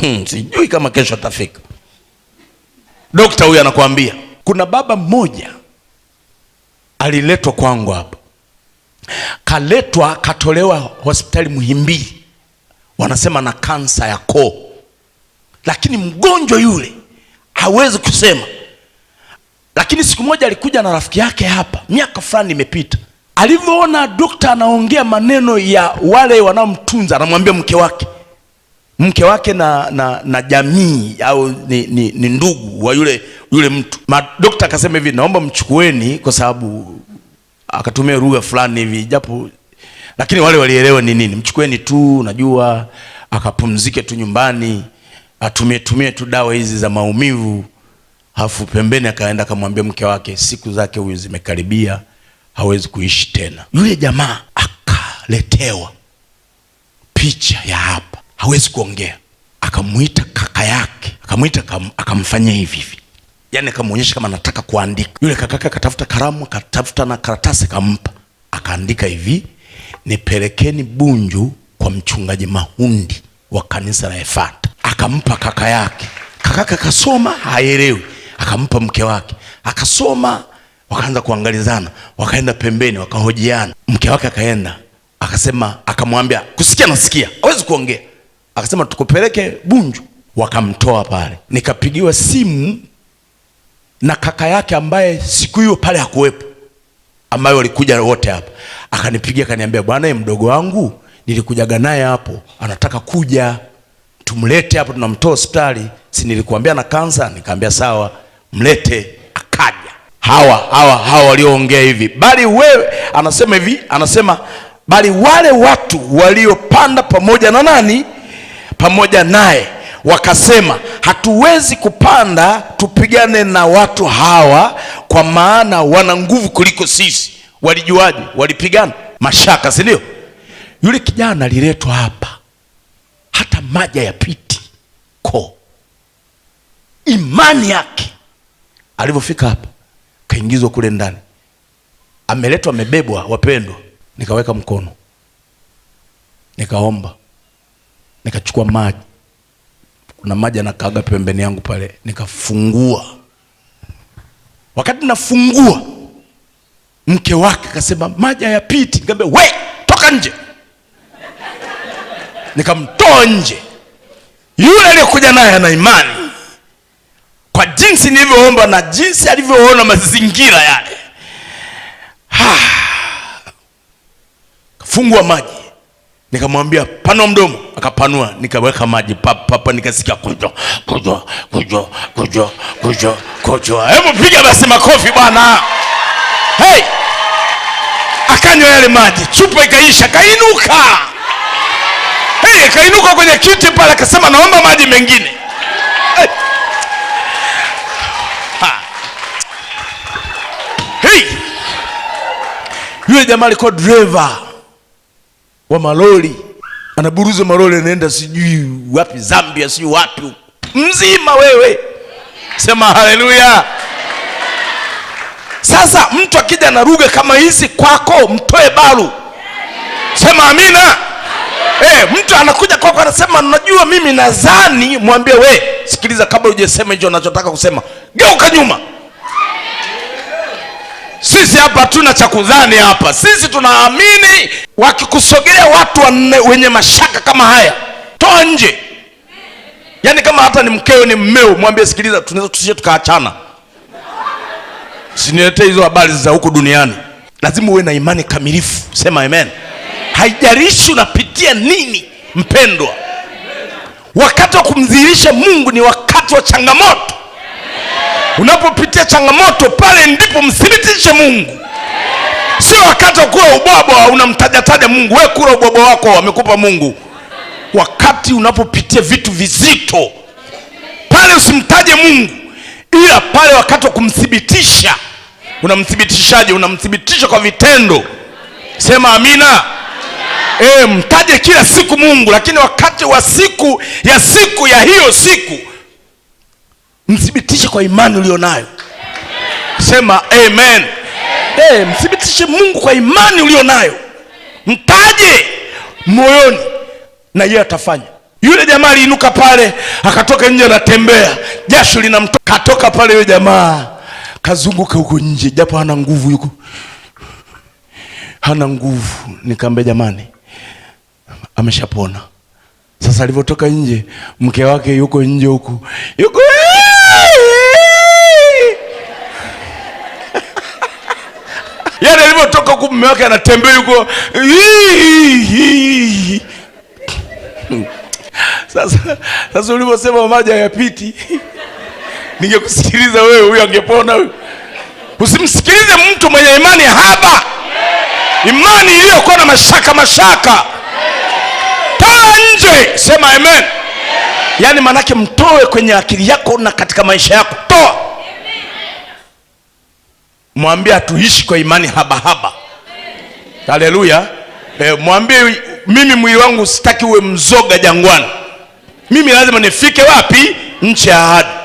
Hmm, sijui kama kesho atafika. Dokta huyu anakuambia kuna baba mmoja aliletwa kwangu hapa, kaletwa katolewa hospitali Muhimbili, wanasema na kansa ya koo, lakini mgonjwa yule hawezi kusema. Lakini siku moja alikuja na rafiki yake hapa, miaka fulani imepita. Alivyoona dokta anaongea maneno ya wale wanaomtunza, anamwambia mke wake, mke wake na, na, na jamii au ni, ni, ni ndugu wa yule, yule mtu. Madokta akasema hivi, naomba mchukueni, kwa sababu akatumia lugha fulani hivi japo, lakini wale walielewa ni nini, mchukueni tu, najua akapumzike tu nyumbani atumie tumie tu dawa hizi za maumivu. Hafu pembeni akaenda akamwambia mke wake, siku zake huyu zimekaribia, hawezi kuishi tena. Yule jamaa akaletewa picha ya hapo hawezi kuongea, akamwita kaka yake, akamwita akamfanyia hivi hivi, yani akamwonyesha kama anataka kuandika. Yule kaka yake akatafuta kalamu, akatafuta na karatasi, akampa, akaandika hivi, nipelekeni Bunju kwa mchungaji Mahundi wa kanisa la Efata. Akampa kaka yake, kaka yake akasoma, haelewi, akampa mke wake, akasoma wakaanza kuangalizana, wakaenda pembeni, wakahojiana. Mke wake akaenda akasema, akamwambia kusikia nasikia, hawezi kuongea akasema tukupeleke Bunju, wakamtoa pale. Nikapigiwa simu na kaka yake ambaye siku hiyo pale hakuwepo, ambayo walikuja wote hapa, akanipigia akaniambia, bwana, mdogo wangu nilikujaga naye hapo, anataka kuja tumlete hapo, tunamtoa hospitali, si nilikuambia na kansa? Nikaambia sawa, mlete. Akaja hawa hawa hawa walioongea hivi, bali wewe, anasema hivi, anasema bali wale watu waliopanda pamoja na nani pamoja naye wakasema, hatuwezi kupanda tupigane na watu hawa, kwa maana wana nguvu kuliko sisi. Walijuaje? Walipigana mashaka, si ndio? Yule kijana aliletwa hapa, hata maji ya piti ko imani yake, alivyofika hapa kaingizwa kule ndani, ameletwa amebebwa. Wapendwa, nikaweka mkono nikaomba nikachukua maji, kuna maji anakaaga pembeni yangu pale, nikafungua. Wakati nafungua, mke wake akasema maji hayapiti. Nikamwambia we, toka nje. Nikamtoa nje. Yule aliyokuja naye ana imani kwa jinsi nilivyoomba na jinsi alivyoona mazingira yale. Kafungua maji Nikamwambia panua mdomo, akapanua, nikaweka maji papa papa, nikasikia kujo kujo kujo kujo kujo kujo. Hebu piga basi makofi bwana! Hey, akanywa yale maji, chupa ikaisha, kainuka. Hey, kainuka kwenye kiti pale, akasema naomba maji mengine. Hey. Hey. Yule jamaa alikuwa driver wa maloli anaburuza maloli anaenda sijui wapi, Zambia, sijui wapi mzima. Wewe sema haleluya. Sasa mtu akija na lugha kama hizi kwako, mtoe balu Sema amina. Hey, eh, mtu anakuja kwako anasema najua mimi nadhani, mwambie we, sikiliza, kabla hujasema hicho unachotaka kusema, geuka nyuma sisi hapa tuna cha kudhani hapa. Sisi tunaamini wakikusogelea watu wanne wenye mashaka kama haya, toa nje. Yaani kama hata ni mkeo ni mmeo, mwambie sikiliza, tunaweza tusije tukaachana, siniletee hizo habari za huko duniani. Lazima uwe na imani kamilifu, sema amen. haijarishi unapitia nini, mpendwa, wakati wa kumdhihirisha Mungu ni wakati wa changamoto. Unapopitia changamoto pale ndipo mthibitishe Mungu, sio wakati wa kula ubwabwa unamtajataja Mungu. We kula ubwabwa wako, amekupa Mungu. Wakati unapopitia vitu vizito pale usimtaje Mungu, ila pale wakati wa kumthibitisha. Unamthibitishaje? Unamthibitisha kwa vitendo. Sema amina. E, mtaje kila siku Mungu, lakini wakati wa siku ya siku ya hiyo siku mthibitishe kwa imani ulionayo. Sema amen. Hey, eh, mthibitishe Mungu kwa imani ulionayo, mtaje moyoni na yeye atafanya. Yule jamaa aliinuka pale, akatoka nje, anatembea, jasho linamtoka, katoka pale. Yule jamaa kazunguka huko nje, japo hana nguvu, yuko hana nguvu. Nikaambia jamani, ameshapona sasa. Alivyotoka nje, mke wake yuko nje huku yuko eh! huku mume wake anatembea yuko Sasa sasa, ulivyosema maji hayapiti, ningekusikiliza wewe, huyo angepona huyo. Usimsikilize mtu mwenye imani haba, imani iliyokuwa na mashaka mashaka. Toa nje, sema amen. Yaani maanake mtoe kwenye akili yako na katika maisha yako, toa mwambie, hatuishi kwa imani habahaba haba. Haleluya. e, eh, mwambie mimi mwili wangu sitaki uwe mzoga jangwani. Mimi lazima nifike wapi? Nchi ya ahadi.